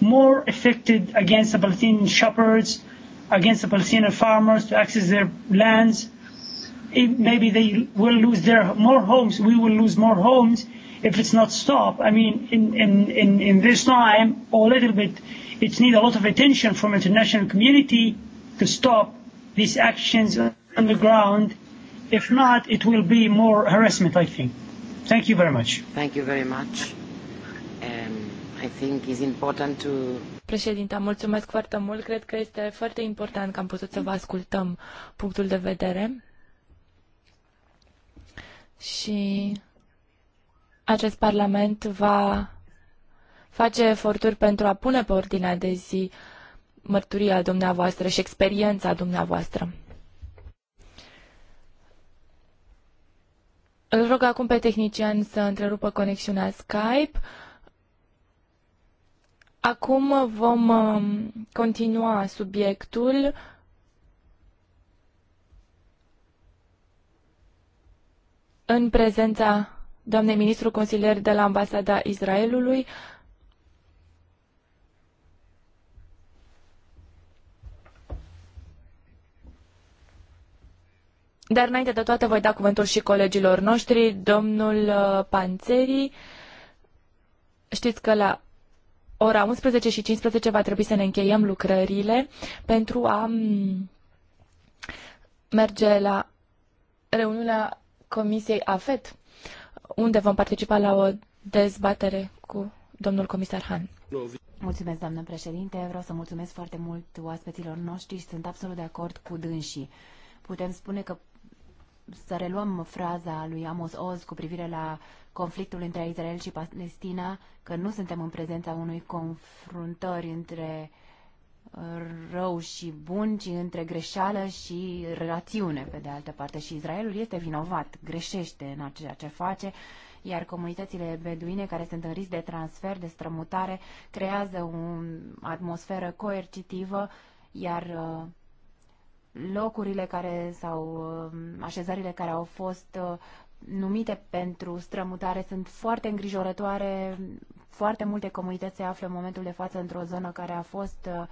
more effective against the Palestinian shepherds, against the Palestinian farmers to access their lands. It, maybe they will lose their more homes. We will lose more homes if it's not stopped. I mean, in, in, in, in this time, or a little bit, it needs a lot of attention from international community to stop these actions on the ground. If not, it will be more harassment, I think. Thank you very much. Thank you very much. I think is important to... mulțumesc foarte mult. Cred că este foarte important că am putut să vă ascultăm punctul de vedere. Și acest Parlament va face eforturi pentru a pune pe ordinea de zi mărturia dumneavoastră și experiența dumneavoastră. Îl rog acum pe tehnician să întrerupă conexiunea Skype. Acum vom um, continua subiectul. În prezența doamnei ministru consilier de la Ambasada Israelului, Dar înainte de toate voi da cuvântul și colegilor noștri, domnul uh, Panțeri. Știți că la ora 11 și 15 va trebui să ne încheiem lucrările pentru a mm, merge la reuniunea Comisiei AFET, unde vom participa la o dezbatere cu domnul comisar Han. Mulțumesc, doamnă președinte. Vreau să mulțumesc foarte mult oaspeților noștri și sunt absolut de acord cu dânsii. Putem spune că să reluăm fraza lui Amos Oz cu privire la conflictul între Israel și Palestina, că nu suntem în prezența unui confruntări între uh, rău și bun, ci între greșeală și rațiune, pe de altă parte. Și Israelul este vinovat, greșește în ceea ce face, iar comunitățile beduine care sunt în risc de transfer, de strămutare, creează o atmosferă coercitivă, iar uh, locurile care sau um, așezările care au fost uh, numite pentru strămutare sunt foarte îngrijorătoare. Foarte multe comunități se află în momentul de față într-o zonă care a fost uh,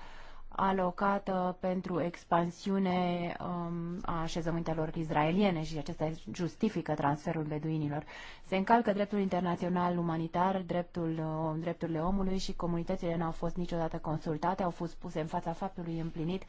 alocată pentru expansiune um, a așezămintelor izraeliene și acesta justifică transferul beduinilor. Se încalcă dreptul internațional umanitar, dreptul, um, drepturile omului și comunitățile n-au fost niciodată consultate, au fost puse în fața faptului împlinit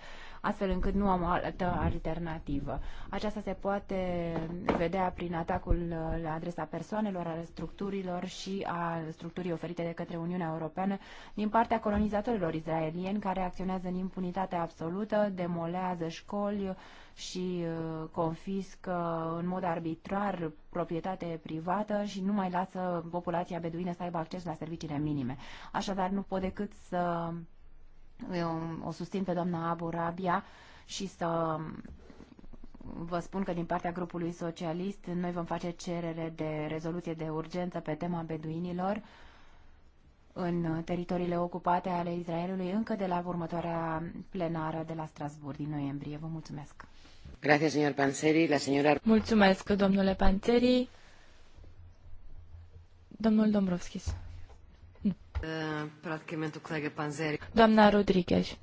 astfel încât nu am o altă alternativă. Aceasta se poate vedea prin atacul la adresa persoanelor, ale structurilor și a structurii oferite de către Uniunea Europeană din partea colonizatorilor izraelieni care acționează în impunitate absolută, demolează școli și uh, confiscă în mod arbitrar proprietate privată și nu mai lasă populația beduină să aibă acces la serviciile minime. Așadar, nu pot decât să eu o susțin pe doamna Abu Rabia și să vă spun că din partea grupului socialist noi vom face cerere de rezoluție de urgență pe tema beduinilor în teritoriile ocupate ale Israelului încă de la următoarea plenară de la Strasbourg din noiembrie. Vă mulțumesc. Grazie, signor Panseri. La signora... Mulțumesc, domnule Panseri. Domnul Dombrovskis. Praticamente o colega Panzeri. Doamna Rodriguez.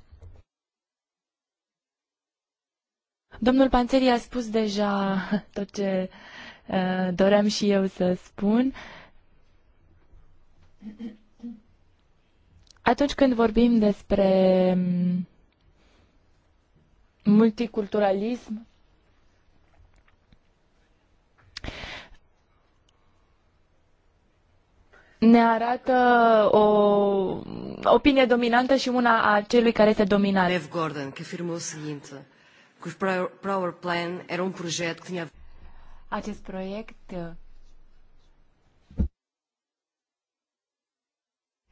Domnul Panzeri a spus deja tot ce doream și eu să spun. Atunci când vorbim despre multiculturalism, ne arată o opinie dominantă și una a celui care este dominat. Bev Gordon, că afirmă o seguinte, que Power Plan era un proiect que tinha... Acest proiect uh,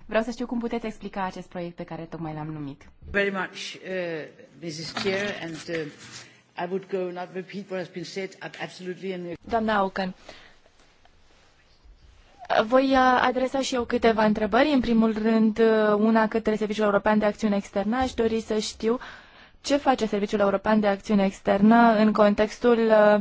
Vreau să știu cum puteți explica acest proiect pe care tocmai l-am numit. Very much, uh, Mrs. Chair, and uh, I would go not repeat what has been said. absolutely in... Doamna Aucan, voi uh, adresa și eu câteva întrebări. În primul rând, uh, una către Serviciul European de Acțiune Externă. Aș dori să știu ce face Serviciul European de Acțiune Externă în contextul uh,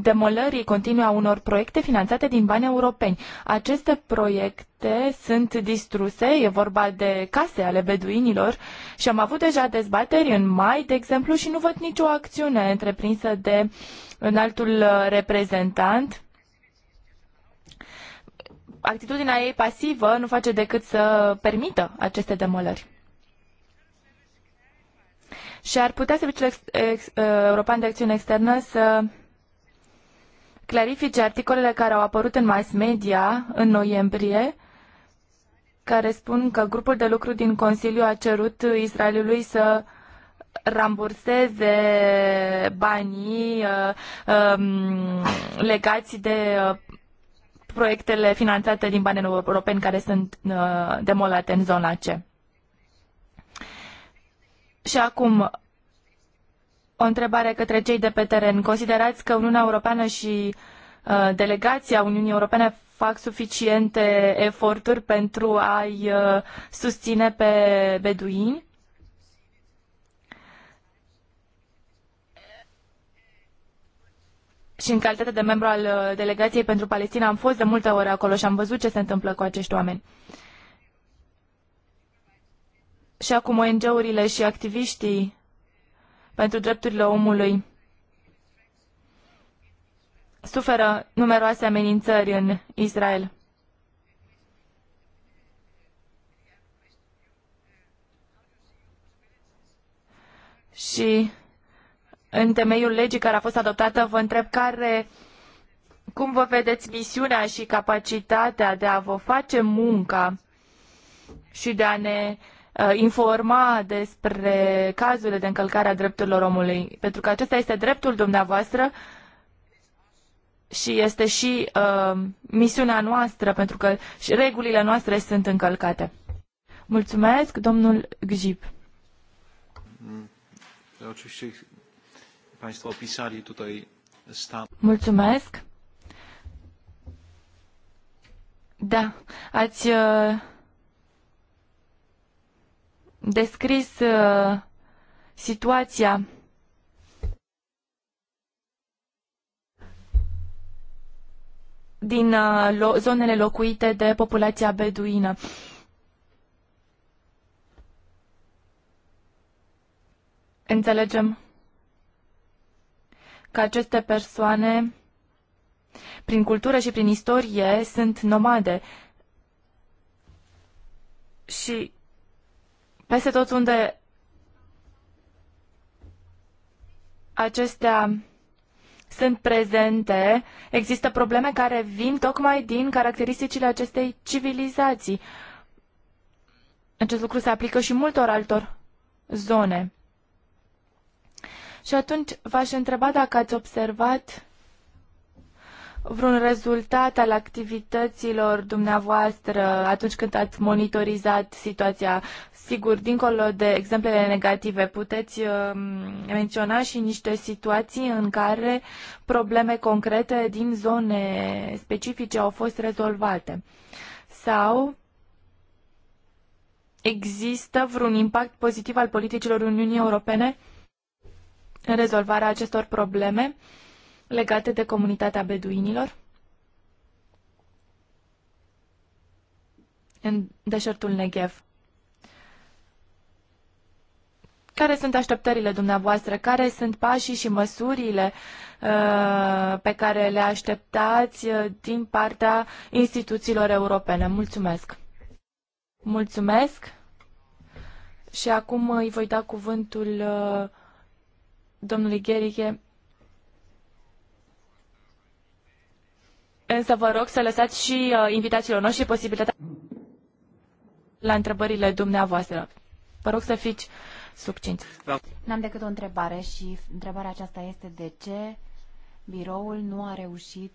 demolării continue a unor proiecte finanțate din bani europeni. Aceste proiecte sunt distruse, e vorba de case ale beduinilor și am avut deja dezbateri în mai, de exemplu, și nu văd nicio acțiune întreprinsă de înaltul reprezentant actitudinea ei pasivă nu face decât să permită aceste demolări. Și ar putea Serviciul ex- ex- uh, European de Acțiune Externă să clarifice articolele care au apărut în mass media în noiembrie, care spun că grupul de lucru din Consiliu a cerut Israelului să ramburseze banii uh, um, legați de uh, proiectele finanțate din bani europeni care sunt uh, demolate în zona C. Și acum, o întrebare către cei de pe teren. Considerați că Uniunea Europeană și uh, delegația Uniunii Europene fac suficiente eforturi pentru a-i uh, susține pe beduini? și în calitate de membru al uh, delegației pentru Palestina am fost de multe ori acolo și am văzut ce se întâmplă cu acești oameni. Și acum ONG-urile și activiștii pentru drepturile omului suferă numeroase amenințări în Israel. Și în temeiul legii care a fost adoptată, vă întreb care, cum vă vedeți misiunea și capacitatea de a vă face munca și de a ne uh, informa despre cazurile de încălcare a drepturilor omului, pentru că acesta este dreptul dumneavoastră și este și uh, misiunea noastră, pentru că și regulile noastre sunt încălcate. Mulțumesc, domnul Gjib. Mm, da, oczywiście Państwo opisali tutaj stan. Mulțumesc. Da, ați uh, descris uh, situația din uh, lo zonele locuite de populația beduină. Înțelegem că aceste persoane, prin cultură și prin istorie, sunt nomade. Și peste tot unde acestea sunt prezente, există probleme care vin tocmai din caracteristicile acestei civilizații. Acest lucru se aplică și multor altor zone. Și atunci v-aș întreba dacă ați observat vreun rezultat al activităților dumneavoastră atunci când ați monitorizat situația? Sigur, dincolo de exemplele negative, puteți uh, menționa și niște situații în care probleme concrete din zone specifice au fost rezolvate? Sau există vreun impact pozitiv al politicilor Uniunii Europene? în rezolvarea acestor probleme legate de comunitatea beduinilor în deșertul Negev. Care sunt așteptările dumneavoastră? Care sunt pașii și măsurile uh, pe care le așteptați uh, din partea instituțiilor europene? Mulțumesc! Mulțumesc! Și acum îi voi da cuvântul uh, domnului Gherige. Însă vă rog să lăsați și uh, invitațiilor noștri posibilitatea la întrebările dumneavoastră. Vă rog să fiți succinți. N-am decât o întrebare și întrebarea aceasta este de ce biroul nu a reușit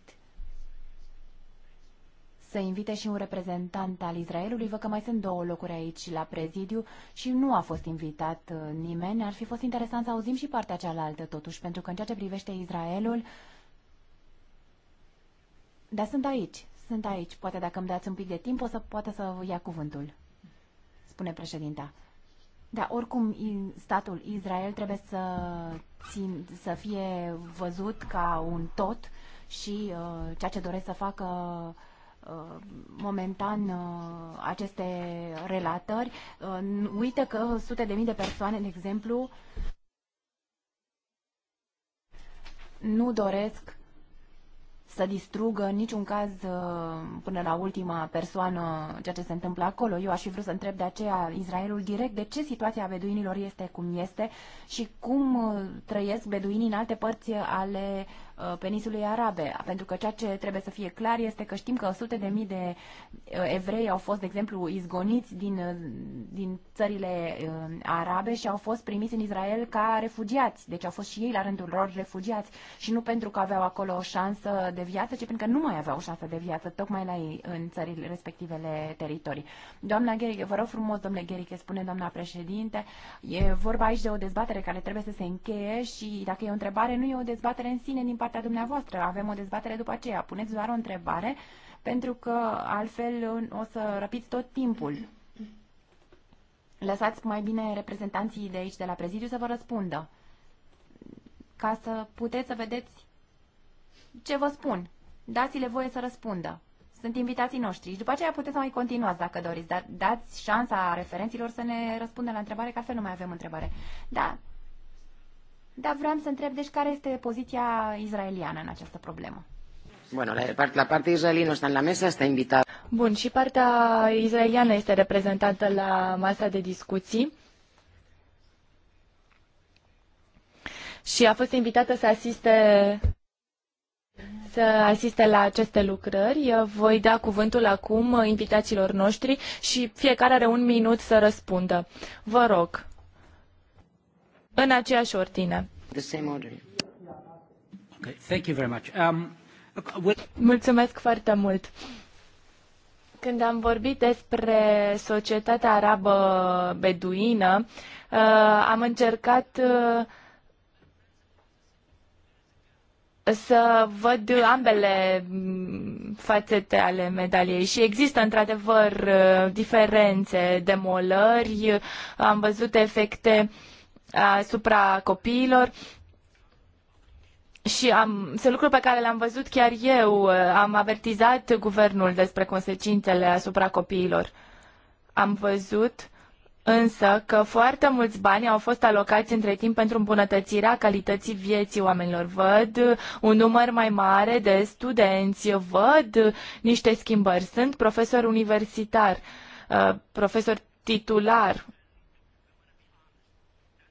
să invite și un reprezentant al Israelului. Văd că mai sunt două locuri aici la prezidiu și nu a fost invitat uh, nimeni. Ar fi fost interesant să auzim și partea cealaltă, totuși, pentru că în ceea ce privește Israelul... Dar sunt aici, sunt aici. Poate dacă îmi dați un pic de timp, o să poată să ia cuvântul, spune președinta. Da, oricum statul Israel trebuie să, țin, să fie văzut ca un tot și uh, ceea ce doresc să facă uh, Uh, momentan uh, aceste relatări, uh, Uite că sute de mii de persoane, de exemplu, nu doresc să distrugă în niciun caz până la ultima persoană ceea ce se întâmplă acolo. Eu aș fi vrut să întreb de aceea Israelul direct de ce situația beduinilor este cum este și cum trăiesc beduinii în alte părți ale Uh, peninsulei arabe. Pentru că ceea ce trebuie să fie clar este că știm că sute de mii de uh, evrei au fost, de exemplu, izgoniți din, uh, din țările arabe și au fost primiți în Israel ca refugiați. Deci au fost și ei la rândul lor refugiați și nu pentru că aveau acolo o șansă de viață, ci pentru că nu mai aveau o șansă de viață tocmai la ei în țările respectivele teritorii. Doamna Gheriche, vă rog frumos, domnule Gheriche, spune doamna președinte, e vorba aici de o dezbatere care trebuie să se încheie și dacă e o întrebare, nu e o dezbatere în sine din partea dumneavoastră. Avem o dezbatere după aceea. Puneți doar o întrebare, pentru că altfel o să răpiți tot timpul. Lăsați mai bine reprezentanții de aici, de la prezidiu, să vă răspundă, ca să puteți să vedeți ce vă spun. Dați-le voie să răspundă. Sunt invitații noștri și după aceea puteți să mai continuați dacă doriți, dar dați șansa referenților să ne răspundă la întrebare, că altfel nu mai avem întrebare. Da, dar vreau să întreb, deci, care este poziția izraeliană în această problemă? Bueno, la, parte, la parte israeliană está en la mesa, está invitada. Bun, și partea izraeliană este reprezentată la masa de discuții. Și a fost invitată să asiste să asiste la aceste lucrări. Eu voi da cuvântul acum invitaților noștri și fiecare are un minut să răspundă. Vă rog în aceeași ordine. Um, Mulțumesc foarte mult. Când am vorbit despre societatea arabă beduină, uh, am încercat uh, să văd ambele mm, fațete ale medaliei și există într-adevăr uh, diferențe, demolări, am văzut efecte uh, Uh, asupra copiilor. Și am, sunt lucruri pe care le-am văzut chiar eu. Uh, am avertizat guvernul despre consecințele asupra copiilor. Am văzut însă că foarte mulți bani au fost alocați între timp pentru îmbunătățirea calității vieții oamenilor. Văd un număr mai mare de studenți, văd niște schimbări. Sunt profesor universitar, uh, profesor titular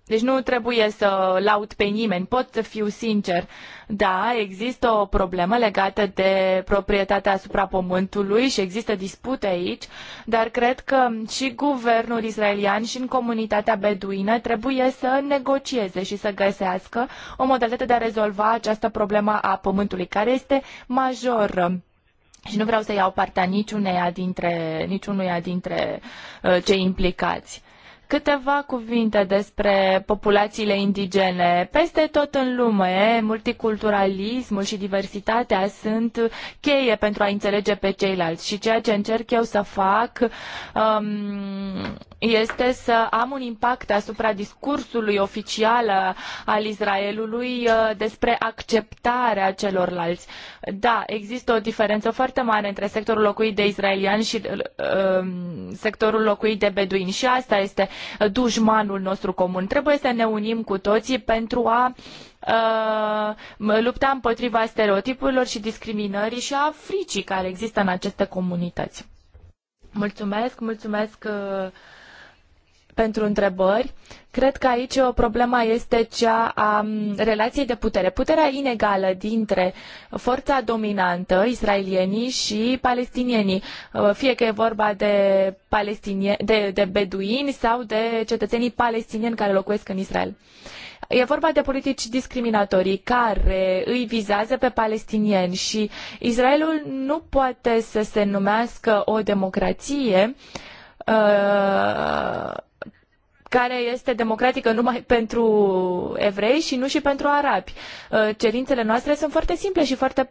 deci nu trebuie să laud pe nimeni, pot să fiu sincer. Da, există o problemă legată de proprietatea asupra pământului și există dispute aici, dar cred că și guvernul israelian și în comunitatea beduină trebuie să negocieze și să găsească o modalitate de a rezolva această problemă a pământului, care este majoră și nu vreau să iau partea niciuneia dintre, niciunuia dintre uh, cei implicați. Câteva cuvinte despre populațiile indigene. Peste tot în lume, multiculturalismul și diversitatea sunt cheie pentru a înțelege pe ceilalți și ceea ce încerc eu să fac um, este să am un impact asupra discursului oficial al Israelului uh, despre acceptarea celorlalți. Da, există o diferență foarte mare între sectorul locuit de israelian și uh, um, sectorul locuit de beduini și asta este dușmanul nostru comun. Trebuie să ne unim cu toții pentru a lupta împotriva stereotipurilor și discriminării și a fricii care există în aceste comunități. Mulțumesc, mulțumesc uh, pentru întrebări. Cred că aici o problema este cea a relației de putere. Puterea inegală dintre forța dominantă, israelienii și palestinienii, ă, fie că e vorba de, palestinie, de, de beduini sau de cetățenii palestinieni care locuiesc în Israel. E vorba de politici discriminatorii care îi vizează pe palestinieni și Israelul nu poate să se numească o democrație uh, Uh, care este democratică numai pentru evrei și nu și pentru arabi. Uh, cerințele noastre sunt foarte simple și foarte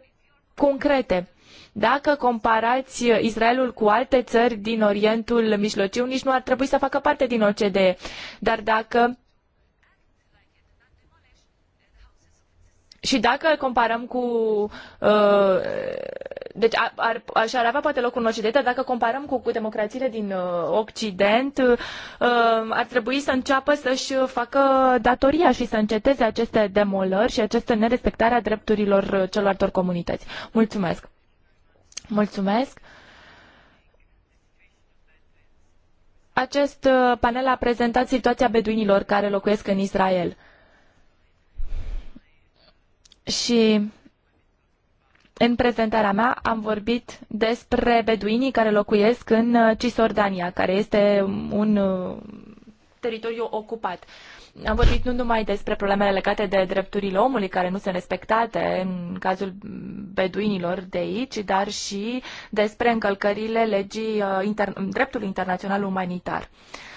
concrete. Dacă comparați Israelul cu alte țări din Orientul Mijlociu, nici nu ar trebui să facă parte din OCDE. Dar dacă și dacă comparăm cu uh, deci ar, ar, ar avea poate locul în Occident, dacă comparăm cu, cu democrațiile din uh, Occident, uh, um, ar trebui să înceapă să-și facă datoria și să înceteze aceste demolări și această nerespectare a drepturilor celorlalte comunități. Mulțumesc! Mulțumesc! Acest uh, panel a prezentat situația beduinilor care locuiesc în Israel. Și în prezentarea mea am vorbit despre beduinii care locuiesc în uh, Cisordania, care este un uh, teritoriu ocupat. Am vorbit nu numai despre problemele legate de drepturile omului care nu sunt respectate în cazul beduinilor de aici, dar și despre încălcările legii uh, inter- dreptului internațional umanitar. Uh,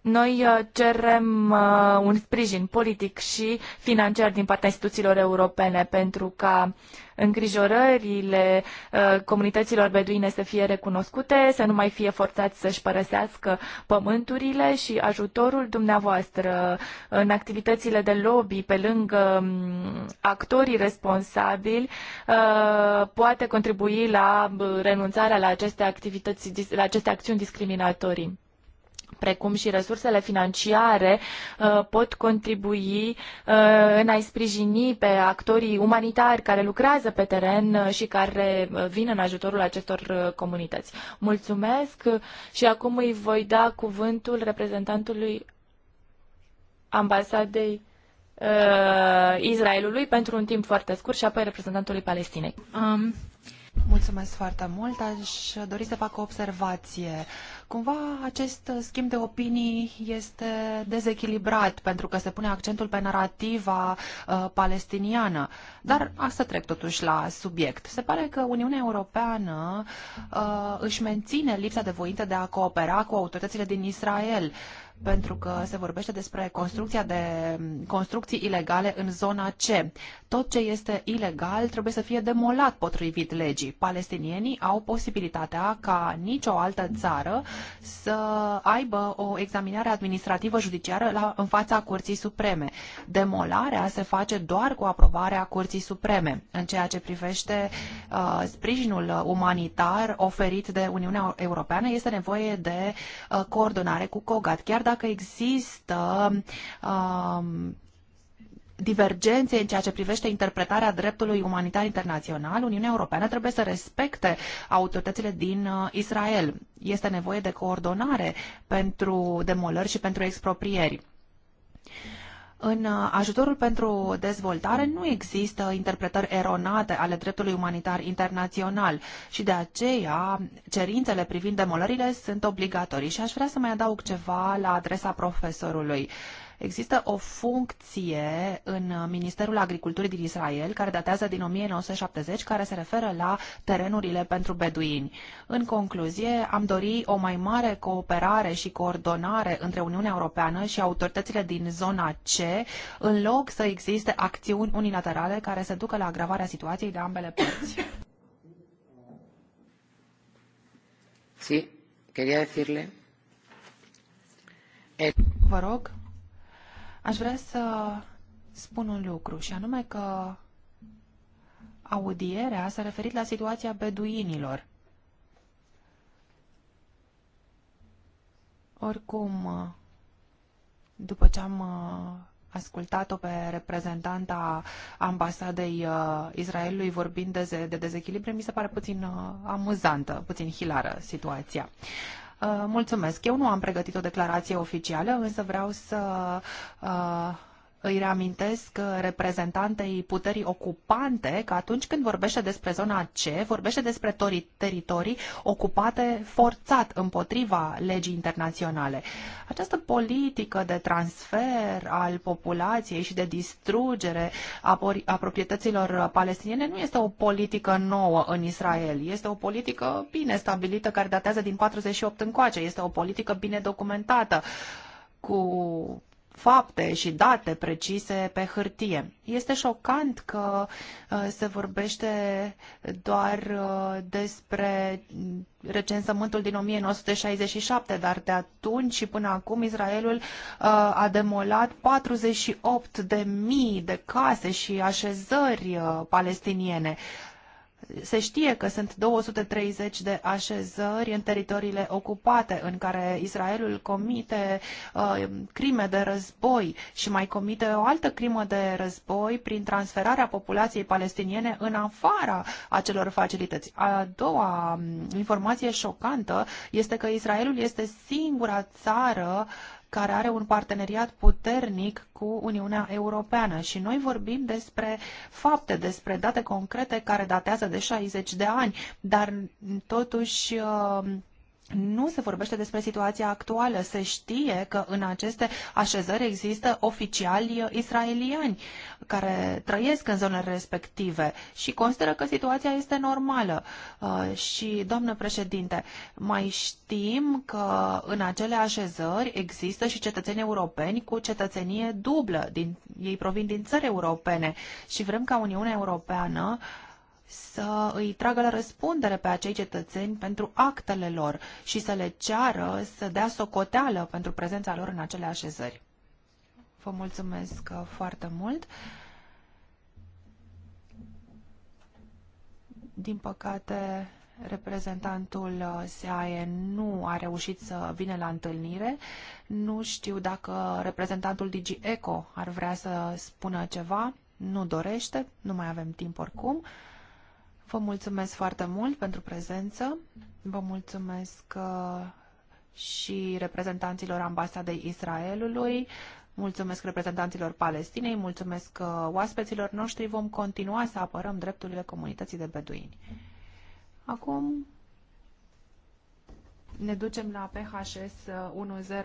noi uh, cerem uh, un sprijin politic și financiar din partea instituțiilor europene pentru ca îngrijorările uh, comunităților beduine să fie recunoscute, să nu mai fie forțați să-și părăsească pământurile și ajutorul dumneavoastră în activitățile de lobby pe lângă um, actorii responsabili poate contribui la renunțarea la aceste activități, la aceste acțiuni discriminatorii precum și resursele financiare uh, pot contribui uh, în a-i sprijini pe actorii umanitari care lucrează pe teren uh, și care vin în ajutorul acestor comunități. Mulțumesc și acum îi voi da cuvântul reprezentantului ambasadei Israelului pentru un timp foarte scurt și apoi reprezentantului Palestinei. Um, Mulțumesc foarte mult. Aș dori să fac o observație. Cumva acest schimb de opinii este dezechilibrat pentru că se pune accentul pe narativa uh, palestiniană. Dar asta trec totuși la subiect. Se pare că Uniunea Europeană uh, își menține lipsa de voință de a coopera cu autoritățile din Israel. Uh, pentru că se vorbește despre construcția de construcții ilegale în zona C. Tot ce este ilegal trebuie să fie demolat potrivit legii. Palestinienii au posibilitatea ca nicio altă țară să aibă o examinare administrativă judiciară la, în fața Curții Supreme. Demolarea se face doar cu aprobarea Curții Supreme. În ceea ce privește uh, sprijinul umanitar oferit de Uniunea Europeană, este nevoie de uh, coordonare cu COGAT. Chiar dacă există um, divergențe în ceea ce privește interpretarea dreptului umanitar internațional, Uniunea Europeană trebuie să respecte autoritățile din uh, Israel. Este nevoie de coordonare pentru demolări și pentru exproprieri. În uh, ajutorul pentru dezvoltare nu există interpretări eronate ale dreptului umanitar internațional și de aceea cerințele privind demolările sunt obligatorii. Și aș vrea să mai adaug ceva la adresa profesorului. Există o funcție în Ministerul Agriculturii din Israel, care datează din 1970, care se referă la terenurile pentru beduini. În concluzie, am dori o mai mare cooperare și coordonare între Uniunea Europeană și autoritățile din zona C, în loc să existe acțiuni unilaterale care să ducă la agravarea situației de ambele părți. Sí, quería decirle. Vă rog. Aș vrea să spun un lucru, și anume că audierea s-a referit la situația beduinilor. Oricum, după ce am uh, ascultat-o pe reprezentanta ambasadei uh, Israelului vorbind de, de dezechilibre, mi se pare puțin uh, amuzantă, puțin hilară situația. Uh, Uh, mulțumesc. Eu nu am pregătit o declarație oficială, însă vreau să uh, îi reamintesc uh, reprezentantei puterii ocupante că atunci când vorbește despre zona C, vorbește despre teritorii ocupate forțat împotriva legii internaționale. Această politică de transfer al populației și de distrugere a proprietăților uh, palestiniene nu este o politică nouă în Israel. Este o politică bine stabilită care datează din 48 încoace. Este o politică bine documentată cu fapte și date precise pe hârtie. Este șocant că uh, se vorbește doar uh, despre recensământul din 1967, dar de atunci și până acum Israelul uh, a demolat 48 de mii de case și așezări palestiniene. Se știe că sunt 230 de așezări în teritoriile ocupate în care Israelul comite uh, crime de război și mai comite o altă crimă de război prin transferarea populației palestiniene în afara acelor facilități. A doua mm, informație șocantă este că Israelul este singura țară uh, care are un parteneriat puternic cu Uniunea Europeană și noi vorbim despre fapte, despre date concrete care datează de 60 de ani, dar totuși uh, nu se vorbește despre situația actuală. Se știe că în aceste așezări există oficiali israeliani care trăiesc în zonele respective și consideră că situația este normală. Uh, și, doamnă președinte, mai știm că în acele așezări există și cetățeni europeni cu cetățenie dublă. Din, ei provin din țări europene și vrem ca Uniunea Europeană uh, să îi tragă la răspundere pe acei cetățeni pentru actele lor și să le ceară să dea socoteală pentru prezența lor în acele așezări. Vă mulțumesc uh, foarte mult. Din păcate, reprezentantul uh, SAE nu a reușit să vină la întâlnire. Nu știu dacă reprezentantul eco ar vrea să spună ceva. Nu dorește, nu mai avem timp oricum. Vă mulțumesc foarte mult pentru prezență. Vă mulțumesc uh, și reprezentanților ambasadei Israelului, mulțumesc reprezentanților Palestinei, mulțumesc uh, oaspeților noștri. Vom continua să apărăm drepturile comunității de beduini. Acum ne ducem la PHS 10